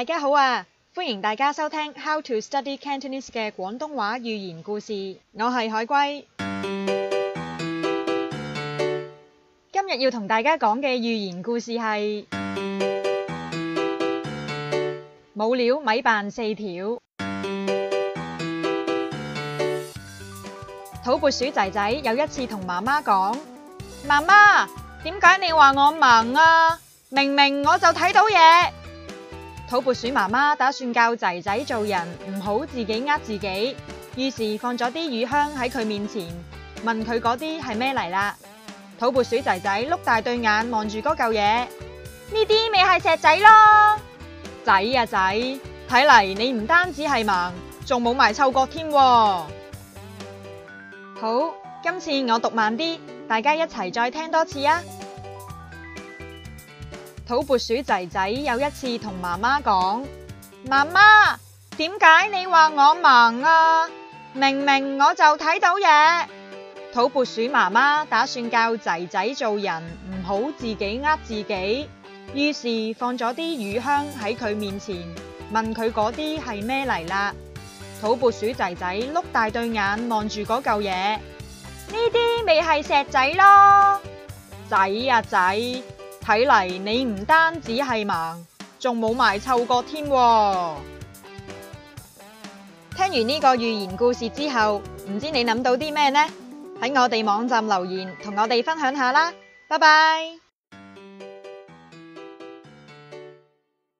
大家好啊！歡迎大家收聽《How to Study Cantonese》嘅廣東話寓言故事。我係海龜。今日要同大家講嘅寓言故事係：冇料咪扮四條。土撥鼠仔仔有一次同媽媽講：媽媽，點解你話我盲啊？明明我就睇到嘢。土撥鼠媽媽打算教仔仔做人，唔好自己呃自己，於是放咗啲乳香喺佢面前，問佢嗰啲係咩嚟啦。土撥鼠仔仔碌大對眼望住嗰嚿嘢，呢啲咪係石仔咯。仔啊仔，睇嚟，你唔單止係盲，仲冇埋嗅覺添、啊。好，今次我讀慢啲，大家一齊再聽多次啊！土撥鼠仔仔有一次同媽媽講：媽媽，點解你話我盲啊？明明我就睇到嘢。土撥鼠媽媽打算教仔仔做人，唔好自己呃自己，於是放咗啲乳香喺佢面前，問佢嗰啲係咩嚟啦。土撥鼠仔仔碌大對眼望住嗰嚿嘢，呢啲咪係石仔咯，仔啊仔！睇嚟你唔單止係盲，仲冇埋嗅覺添。聽完呢個寓言故事之後，唔知你諗到啲咩呢？喺我哋網站留言同我哋分享下啦，拜拜。